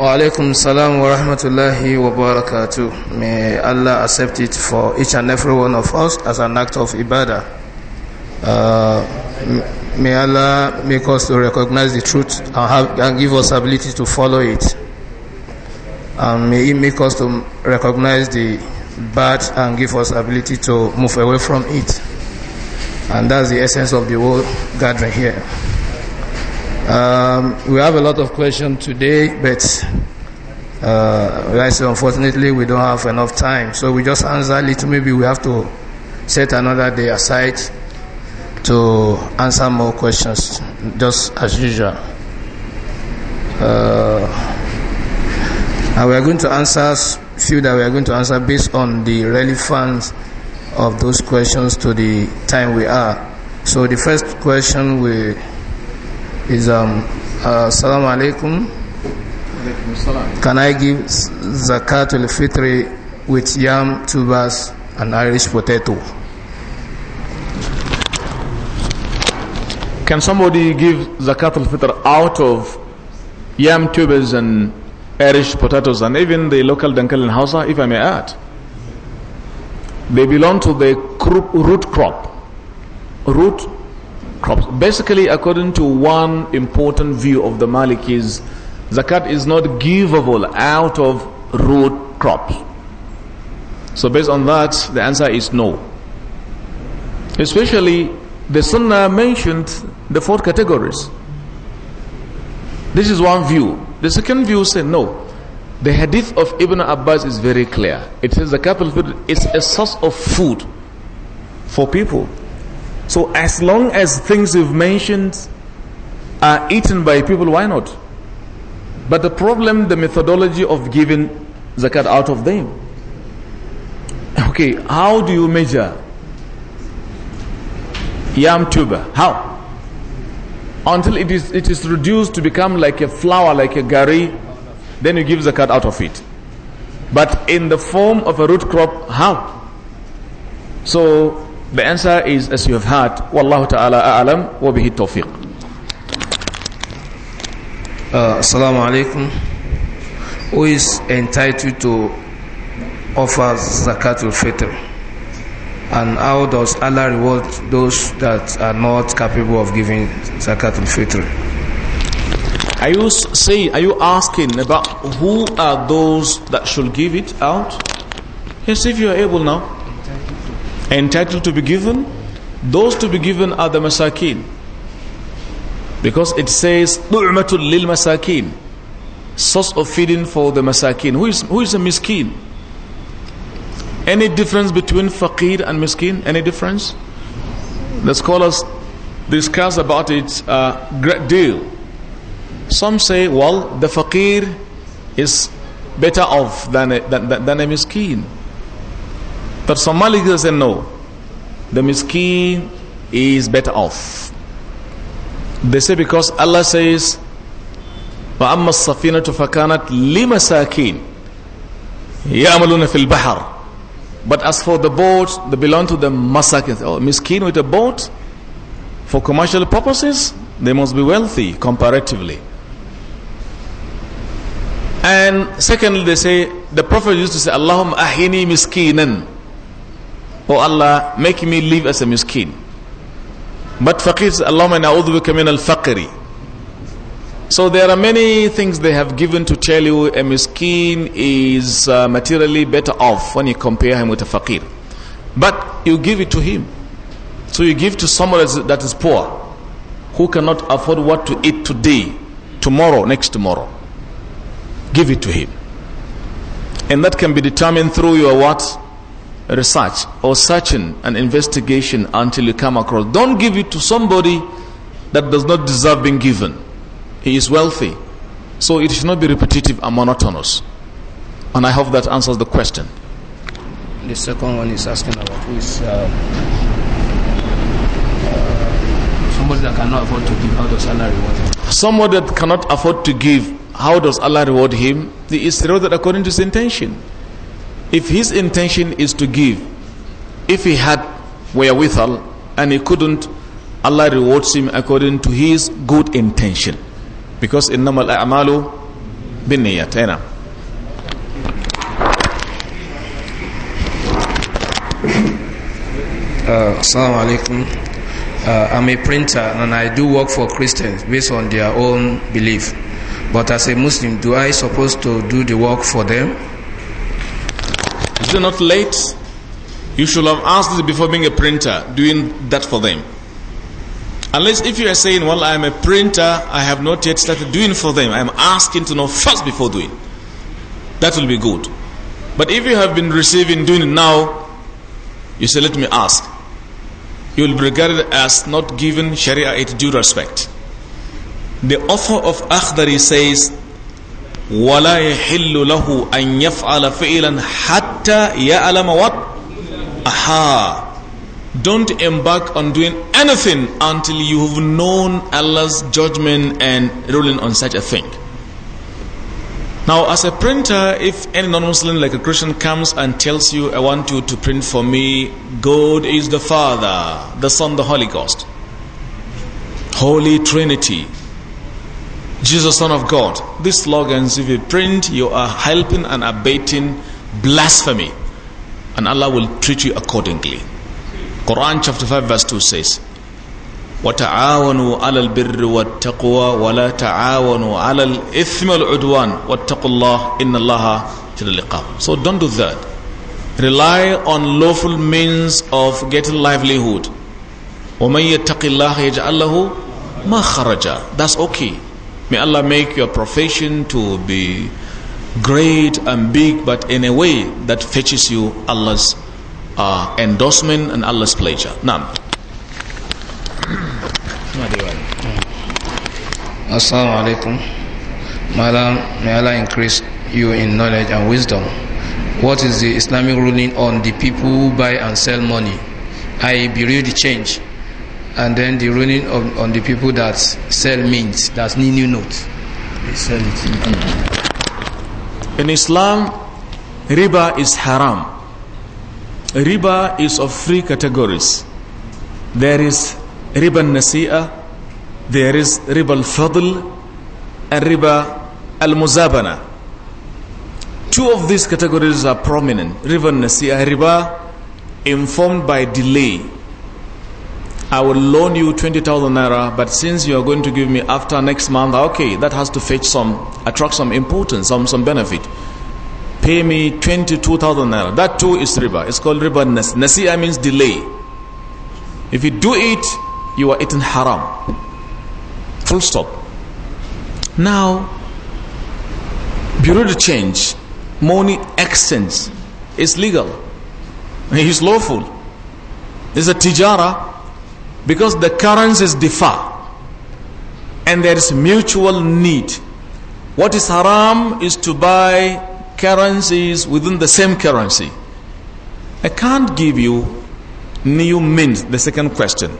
Wa alaikum salam wa rahmatullahi wa barakatuh. May Allah accept it for each and every one of us as an act of ibadah. Uh, may Allah make us to recognize the truth and, have, and give us ability to follow it. And may He make us to recognize the bad and give us ability to move away from it. And that's the essence of the whole gathering here. Um, we have a lot of questions today, but uh, I say unfortunately we don't have enough time. So we just answer a little. Maybe we have to set another day aside to answer more questions, just as usual. Uh, and we are going to answer few that we are going to answer based on the relevance of those questions to the time we are. So the first question we is um, uh, Assalamu alaikum. Can I give al fitri with yam, tubers, and Irish potato? Can somebody give al fitr out of yam, tubers, and Irish potatoes, and even the local dankal in Hausa, if I may add? They belong to the root crop. Root crops. Basically, according to one important view of the Malikis, zakat is not givable out of root crops. So based on that, the answer is no. Especially, the Sunnah mentioned the four categories. This is one view. The second view said no. The hadith of Ibn Abbas is very clear. It says the capital food is a source of food for people. So as long as things you have mentioned are eaten by people, why not? But the problem, the methodology of giving zakat out of them. Okay, how do you measure yam tuber? How? Until it is, it is reduced to become like a flour, like a gari, then you give zakat out of it. But in the form of a root crop, how? So the answer is as you have heard, Wallahu ta'ala a'alam wa bihi tawfiq. Uh, Assalamu alaikum. Who is entitled to offer zakatul fitr? And how does Allah reward those that are not capable of giving zakatul fitr? Are you saying, are you asking about who are those that should give it out? Yes, if you are able now entitled to be given, those to be given are the masakin. Because it says, Du'matul lil masakin. Source of feeding for the masakin. Who is, who is a miskin? Any difference between faqir and miskin? Any difference? The scholars discuss about it a uh, great deal. Some say, well, the faqir is better off than a, than, than a miskin. But some Malikis say no, the miskin is better off. They say because Allah says, وَأَمَّا الصَّفِينَةُ فَكَانَتْ لِمَسَاكِينَ يَعْمَلُونَ فِي الْبَحَرِ But as for the boat, they belong to the masakin. Oh, miskin with a boat, for commercial purposes, they must be wealthy comparatively. And secondly, they say, the Prophet used to say, Allahumma ahini miskinan. Oh Allah, make me live as a miskin. But faqir, Allahumma na'udhu bika min al-faqri. So there are many things they have given to tell you a miskin is uh, materially better off when you compare him with a fakir. But you give it to him. So you give to someone that is poor, who cannot afford what to eat today, tomorrow, next tomorrow. Give it to him. And that can be determined through your what? research or searching and investigation until you come across. Don't give it to somebody that does not deserve being given. He is wealthy. So it should not be repetitive and monotonous. And I hope that answers the question. The second one is asking about who is uh, uh, somebody that cannot afford to give, how does Allah reward him? Somebody that cannot afford to give, how does Allah reward him? He is rewarded according to his intention if his intention is to give, if he had wherewithal and he couldn't, Allah rewards him according to his good intention. Because إِنَّمَا الْأَعْمَالُ بِالنِّيَّةِ أنا. Uh, Assalamu alaikum. Uh, I'm a printer and I do work for Christians based on their own belief. But as a Muslim, do I supposed to do the work for them? Is it not late? You should have asked this before being a printer, doing that for them. Unless if you are saying, well, I'm a printer, I have not yet started doing for them. I'm asking to know first before doing. That will be good. But if you have been receiving, doing it now, you say, let me ask. You will be regarded as not giving Sharia its due respect. The author of Akhdari says, ولا يحل له أن يفعل فعلا حتى يعلم what aha don't embark on doing anything until you have known Allah's judgment and ruling on such a thing now as a printer if any non-muslim like a christian comes and tells you i want you to print for me god is the father the son the holy ghost holy trinity Jesus, Son of God. These slogans, if you print, you are helping and abating blasphemy. And Allah will treat you accordingly. Quran chapter 5 verse 2 says, وتعاونوا على البر والتقوى ولا تعاونوا على الإثم والعدوان واتقوا الله إن الله شديد العقاب. So don't do that. Rely on lawful means of getting livelihood. ومن يتق الله يجعل له ما خرج. That's okay. May Allah make your profession to be great and big, but in a way that fetches you Allah's uh, endorsement and Allah's pleasure. Now. Assalamu alaikum. May Allah, may Allah increase you in knowledge and wisdom. What is the Islamic ruling on the people who buy and sell money? I believe the change and then the ruining of, on the people that sell mint, that's new note. They sell it. In Islam, riba is haram. Riba is of three categories. There is riba nasi'a, there is riba al-fadl, and riba al-muzabana. Two of these categories are prominent. Riba nasi'a, riba informed by delay I will loan you 20,000 naira, but since you are going to give me after next month, okay, that has to fetch some, attract some importance, some, some benefit. Pay me 22,000 naira. That too is riba. It's called riba nas. means delay. If you do it, you are eating haram. Full stop. Now, bureau de change, money exchange is legal. It's lawful. It's a tijara because the currencies differ and there is mutual need. What is haram is to buy currencies within the same currency. I can't give you new mint, the second question.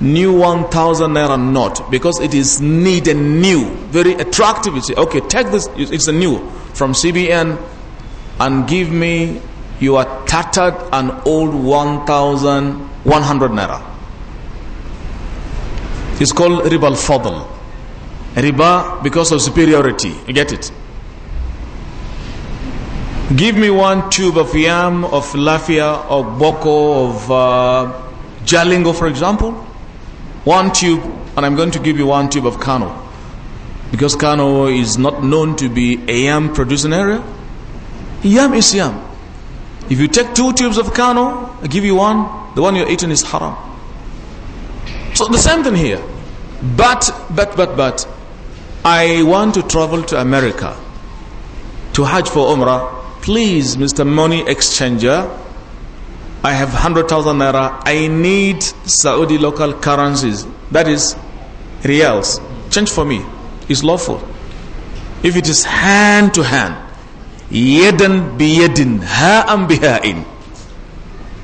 New 1000 naira note because it is neat and new, very attractive. You say, okay, take this, it's a new from CBN and give me your tattered and old 1100 naira. It's called riba al-fadl. Riba because of superiority. You get it? Give me one tube of yam, of lafia, of boko, of uh, jalingo, for example. One tube, and I'm going to give you one tube of kano. Because kano is not known to be a yam producing area. Yam is yam. If you take two tubes of kano, I give you one, the one you're eating is haram. So the same thing here. But, but, but, but, I want to travel to America to Hajj for Umrah. Please, Mr. Money Exchanger, I have 100,000 naira. I need Saudi local currencies. That is reals. Change for me. It's lawful. If it is hand to hand, yadan biyadin, ha'an biha'in.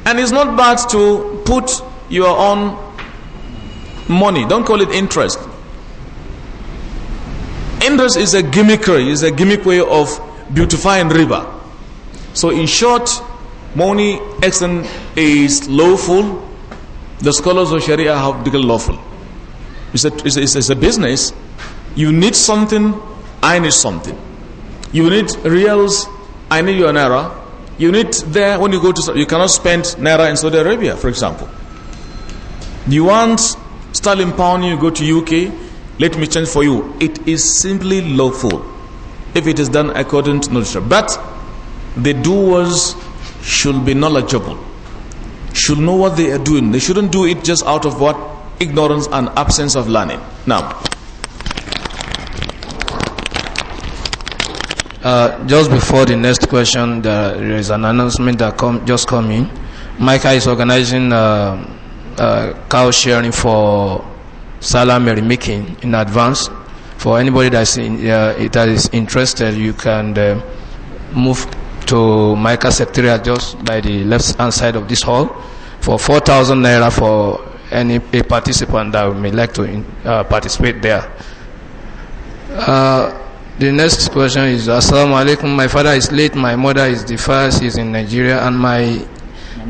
And it's not bad to put your own money. Don't call it interest. Interest is a gimmickry, is a gimmick way of beautifying river. So in short, money action is lawful. The scholars of Sharia have declared lawful. It's a, it's, a, it's a business. You need something, I need something. You need reals, I need your naira. You need there when you go to, you cannot spend naira in Saudi Arabia, for example. You want Sterling pound, you go to UK, let me change for you. It is simply lawful if it is done according to knowledge. But the doers should be knowledgeable, should know what they are doing. They shouldn't do it just out of what? Ignorance and absence of learning. Now. Uh, just before the next question, there is an announcement that come, just coming. Micah is organizing uh, uh, cow sharing for salamary making in advance. For anybody that's in, uh, that is interested, you can uh, move to Micah Secretariat just by the left hand side of this hall for 4,000 naira for any a participant that may like to in, uh, participate there. Uh, the next question is Assalamu alaikum. My father is late, my mother is deferred, she is in Nigeria, and my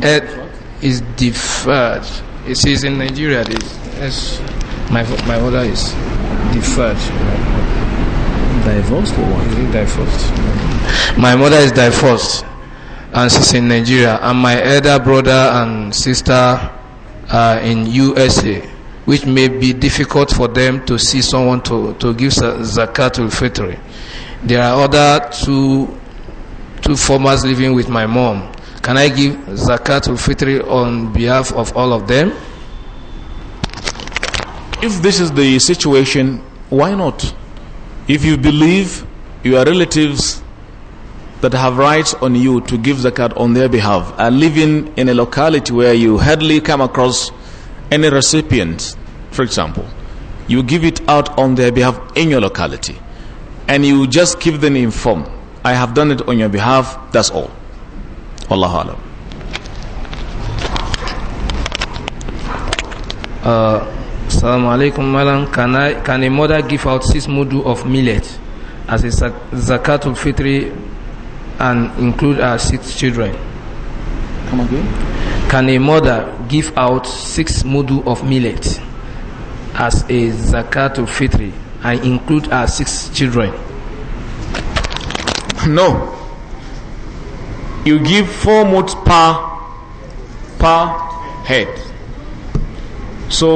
head is deferred she's in Nigeria. It's, my my mother is deferred. Divorced or it Divorced. My mother is divorced, and she's in Nigeria. And my elder brother and sister are in USA, which may be difficult for them to see someone to to give zakatul fitri. There are other two two formers living with my mom can I give zakatul fitri on behalf of all of them? If this is the situation, why not? If you believe your relatives that have rights on you to give zakat on their behalf are living in a locality where you hardly come across any recipient, for example, you give it out on their behalf in your locality and you just keep them informed. I have done it on your behalf, that's all. Wallahu alam. Uh, Assalamu alaikum, madam. Can, I, can a mother give out six mudu of millet as a zakatul fitri and include her six children? Come again? Can a mother give out six mudu of millet as a zakatul fitri and include her six children? No you give four modes per per head so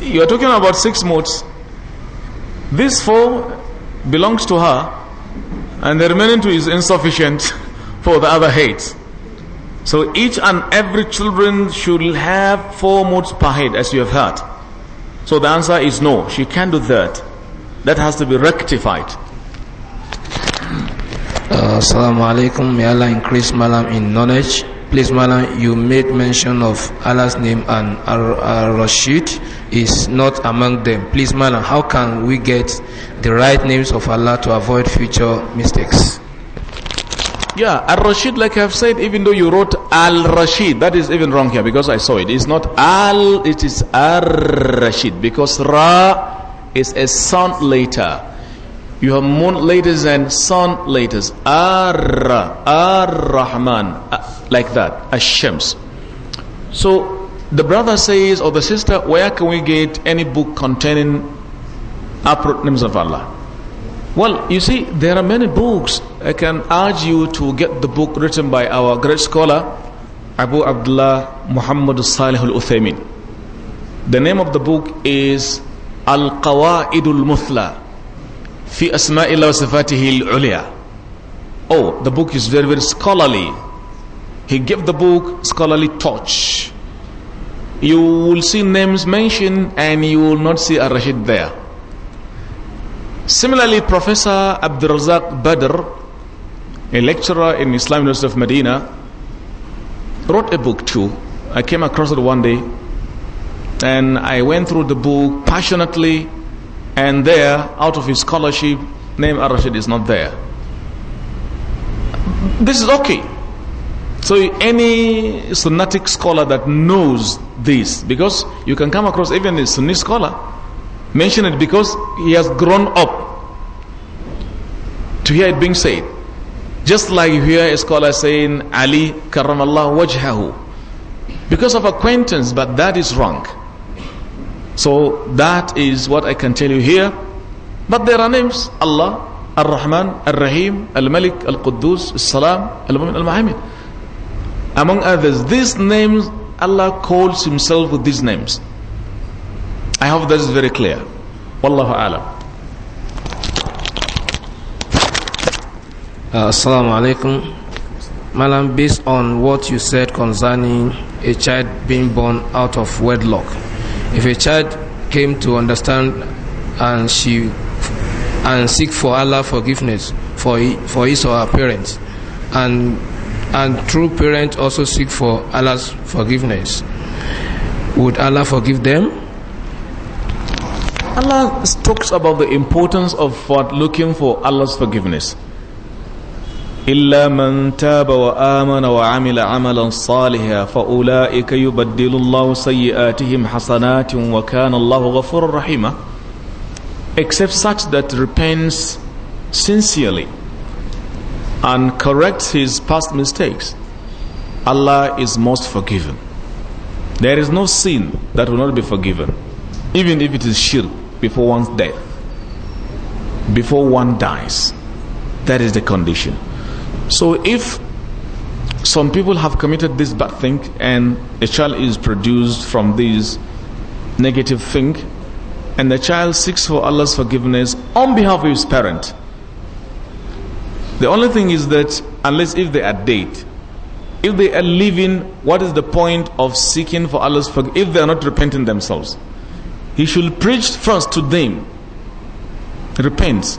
you're talking about six modes. This four belongs to her and the remaining two is insufficient for the other heads so each and every children should have four modes per head as you have heard so the answer is no she can't do that that has to be rectified Assalamualaikum. May Allah increase Malam in knowledge. Please, Malam, you made mention of Allah's name and Ar Rashid is not among them. Please, Malam, how can we get the right names of Allah to avoid future mistakes? Yeah, Al Rashid, like I've said, even though you wrote Al Rashid, that is even wrong here because I saw it. It's not Al, it is Ar Rashid because Ra is a sound later. You have moon letters and sun letters. Ar, Ar-Rahman. Uh, like that. Ash-Shams. So the brother says, or the sister, where can we get any book containing appropriate names of Allah? Well, you see, there are many books. I can urge you to get the book written by our great scholar, Abu Abdullah Muhammad Salih al-Uthaymin. The name of the book is Al-Qawaidul Muthla fi asma'illah wa sifatihi al-uliya. Oh, the book is very, very scholarly. He gave the book scholarly touch. You will see names mentioned and you will not see Ar-Rashid there. Similarly, Professor Abdul Razak Badr, a lecturer in Islam University of Medina, wrote a book too. I came across it one day and I went through the book passionately and there, out of his scholarship, name Arashid is not there. This is okay. So any Sunnatic scholar that knows this, because you can come across even a Sunni scholar, mention it because he has grown up to hear it being said. Just like you hear a scholar saying, Ali karamallah wajhahu. Because of acquaintance, but that is wrong. So that is what I can tell you here. But there are names Allah, Al rahman Al rahim Al malik Al quddus Al-Salam, Al-Mumin, Al-Muhammad. Among others, these names, Allah calls Himself with these names. I hope that is very clear. Wallahu A'lam. Uh, Assalamu alaikum. Ma'am, based on what you said concerning a child being born out of wedlock, if a child came to understand and she and seek for Allah forgiveness for for his or her parents, and and true parents also seek for Allah's forgiveness. Would Allah forgive them? Allah talks about the importance of what looking for Allah's forgiveness except such that repents sincerely and corrects his past mistakes Allah is most forgiven there is no sin that will not be forgiven even if it is shirk before one's death before one dies that is the condition so if some people have committed this bad thing and a child is produced from this negative thing and the child seeks for Allah's forgiveness on behalf of his parent. The only thing is that unless if they are dead, if they are living, what is the point of seeking for Allah's forgiveness if they are not repenting themselves? He should preach first to them. Repent.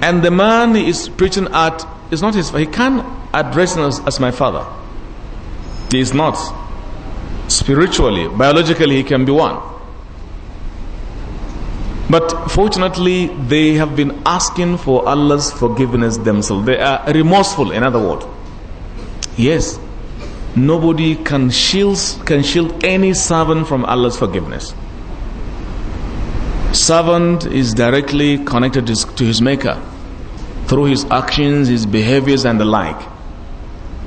And the man he is preaching at is not his He can't address him as, as my father. He is not. Spiritually, biologically, he can be one. But fortunately, they have been asking for Allah's forgiveness themselves. They are remorseful, in other words. Yes, nobody can shield, can shield any servant from Allah's forgiveness. Servant is directly connected to his maker through his actions, his behaviors, and the like.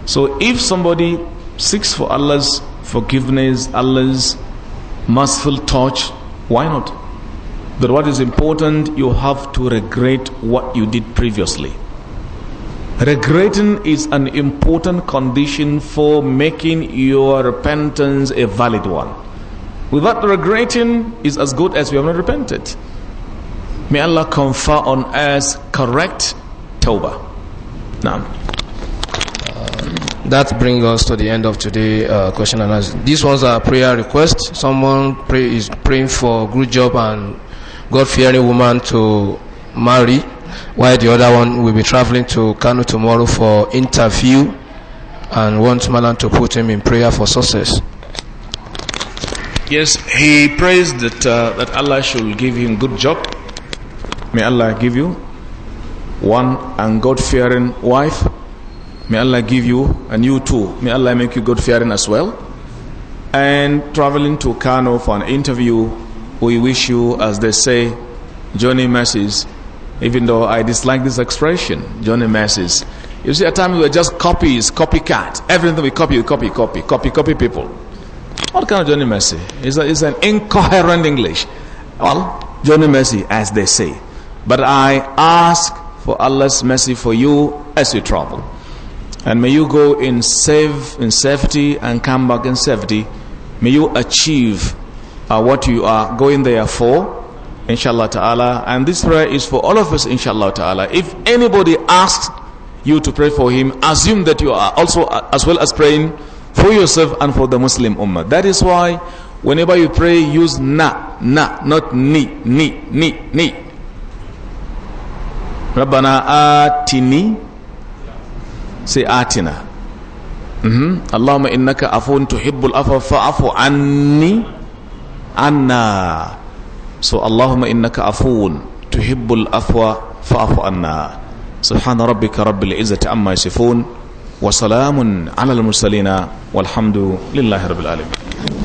So if somebody seeks for Allah's forgiveness, Allah's merciful touch, why not? But what is important, you have to regret what you did previously. Regretting is an important condition for making your repentance a valid one. Without regretting is as good as we have not repented. May Allah confer on us correct tawbah. Now. Um, that brings us to the end of today's uh, question and answer. This was a prayer request. Someone pray, is praying for good job and God-fearing woman to marry, while the other one will be traveling to Kano tomorrow for interview and wants Malan to put him in prayer for success. Yes, he prays that, uh, that Allah should give him good job. May Allah give you one and God-fearing wife. May Allah give you, and you too. May Allah make you God-fearing as well. And traveling to Kano for an interview, we wish you, as they say, Johnny Mercies. Even though I dislike this expression, Johnny Mercies. You see, at times we are just copies, copycat. Everything we copy, we copy, copy, copy, copy people. What kind of Johnny Mercy? It's, a, it's an incoherent English. Well, Johnny Mercy, as they say. But I ask for Allah's mercy for you as you travel. And may you go in safe in safety and come back in safety. May you achieve uh, what you are going there for, inshallah ta'ala. And this prayer is for all of us, inshallah ta'ala. If anybody asks you to pray for him, assume that you are also uh, as well as praying for yourself and for the Muslim ummah. That is why whenever you pray, use na, na, not ni, ni, ni, ni. rabbana atini sai atina allahumma innaka afuwun tuhibbul afwa fa'fu anni anna so allahumma innaka afuwun tuhibbul afwa fa'fu anna subhana rabbika rabbil izzati amma yasifun wa salamun ala al mursalin walhamdulillahi rabbil alamin